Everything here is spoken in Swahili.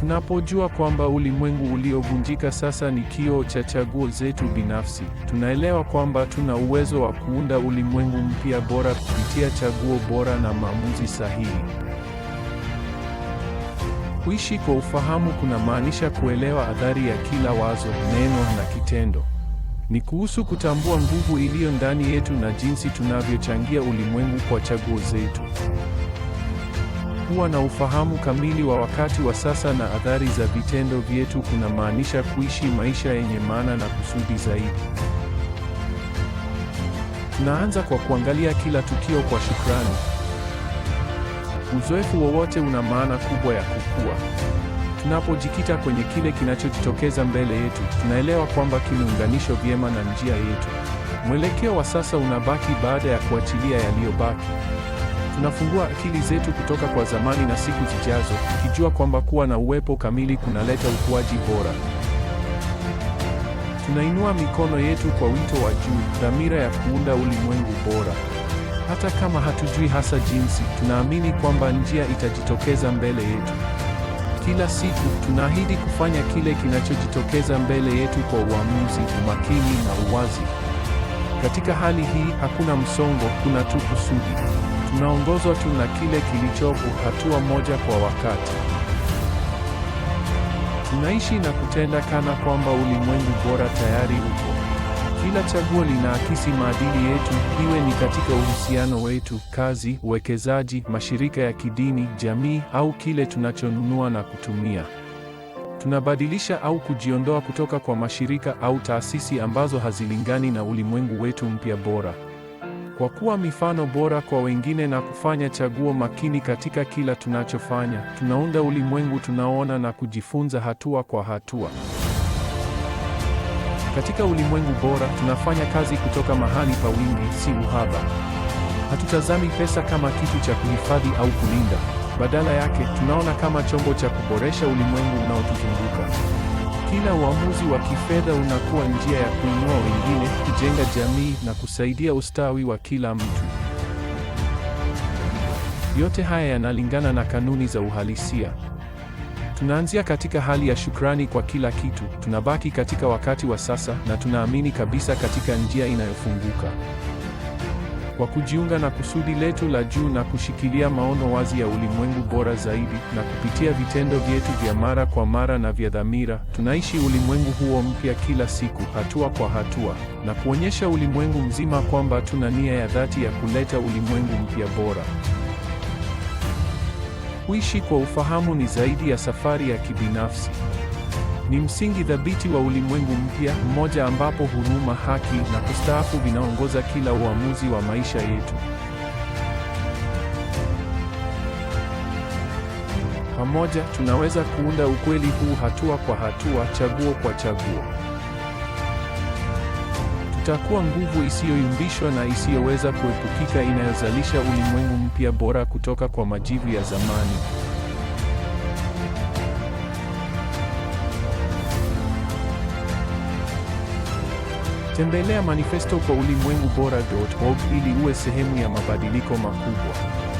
Tunapojua kwamba ulimwengu uliovunjika sasa ni kioo cha chaguo zetu binafsi, tunaelewa kwamba tuna uwezo wa kuunda ulimwengu mpya bora kupitia chaguo bora na maamuzi sahihi. Kuishi kwa ufahamu kunamaanisha kuelewa athari ya kila wazo, neno na kitendo. Ni kuhusu kutambua nguvu iliyo ndani yetu na jinsi tunavyochangia ulimwengu kwa chaguo zetu. Kuwa na ufahamu kamili wa wakati wa sasa na athari za vitendo vyetu kunamaanisha kuishi maisha yenye maana na kusudi zaidi. Tunaanza kwa kuangalia kila tukio kwa shukrani. Uzoefu wowote una maana kubwa ya kukua. Tunapojikita kwenye kile kinachojitokeza mbele yetu, tunaelewa kwamba kimeunganishwa vyema na njia yetu. Mwelekeo wa sasa unabaki baada ya kuachilia yaliyobaki tunafungua akili zetu kutoka kwa zamani na siku zijazo, tukijua kwamba kuwa na uwepo kamili kunaleta ukuaji bora. Tunainua mikono yetu kwa wito wa juu, dhamira ya kuunda ulimwengu bora. Hata kama hatujui hasa jinsi, tunaamini kwamba njia itajitokeza mbele yetu. Kila siku tunaahidi kufanya kile kinachojitokeza mbele yetu kwa uamuzi, umakini na uwazi. Katika hali hii hakuna msongo, kuna tu kusudi tunaongozwa tu na kile kilichopo hatua moja kwa wakati. Tunaishi na kutenda kana kwamba ulimwengu bora tayari upo. Kila chaguo linaakisi maadili yetu, iwe ni katika uhusiano wetu, kazi, uwekezaji, mashirika ya kidini, jamii au kile tunachonunua na kutumia. Tunabadilisha au kujiondoa kutoka kwa mashirika au taasisi ambazo hazilingani na ulimwengu wetu mpya bora kwa kuwa mifano bora kwa wengine na kufanya chaguo makini katika kila tunachofanya, tunaunda ulimwengu tunaoona na kujifunza hatua kwa hatua. Katika ulimwengu bora, tunafanya kazi kutoka mahali pa wingi, si uhaba. Hatutazami pesa kama kitu cha kuhifadhi au kulinda. Badala yake, tunaona kama chombo cha kuboresha ulimwengu unaotuzunguka. Kila uamuzi wa kifedha unakuwa njia ya kuinua wengine, kujenga jamii na kusaidia ustawi wa kila mtu. Yote haya yanalingana na kanuni za uhalisia. Tunaanzia katika hali ya shukrani kwa kila kitu, tunabaki katika wakati wa sasa na tunaamini kabisa katika njia inayofunguka kwa kujiunga na kusudi letu la juu na kushikilia maono wazi ya ulimwengu bora zaidi, na kupitia vitendo vyetu vya mara kwa mara na vya dhamira, tunaishi ulimwengu huo mpya kila siku, hatua kwa hatua, na kuonyesha ulimwengu mzima kwamba tuna nia ya dhati ya kuleta ulimwengu mpya bora. Kuishi kwa ufahamu ni zaidi ya safari ya kibinafsi ni msingi thabiti wa ulimwengu mpya mmoja ambapo huruma, haki na kustaafu vinaongoza kila uamuzi wa maisha yetu. Pamoja tunaweza kuunda ukweli huu hatua kwa hatua, chaguo kwa chaguo. Tutakuwa nguvu isiyoyumbishwa na isiyoweza kuepukika inayozalisha ulimwengu mpya bora kutoka kwa majivu ya zamani. Tembelea manifesto kwa ulimwengu bora.org ili uwe sehemu ya mabadiliko makubwa.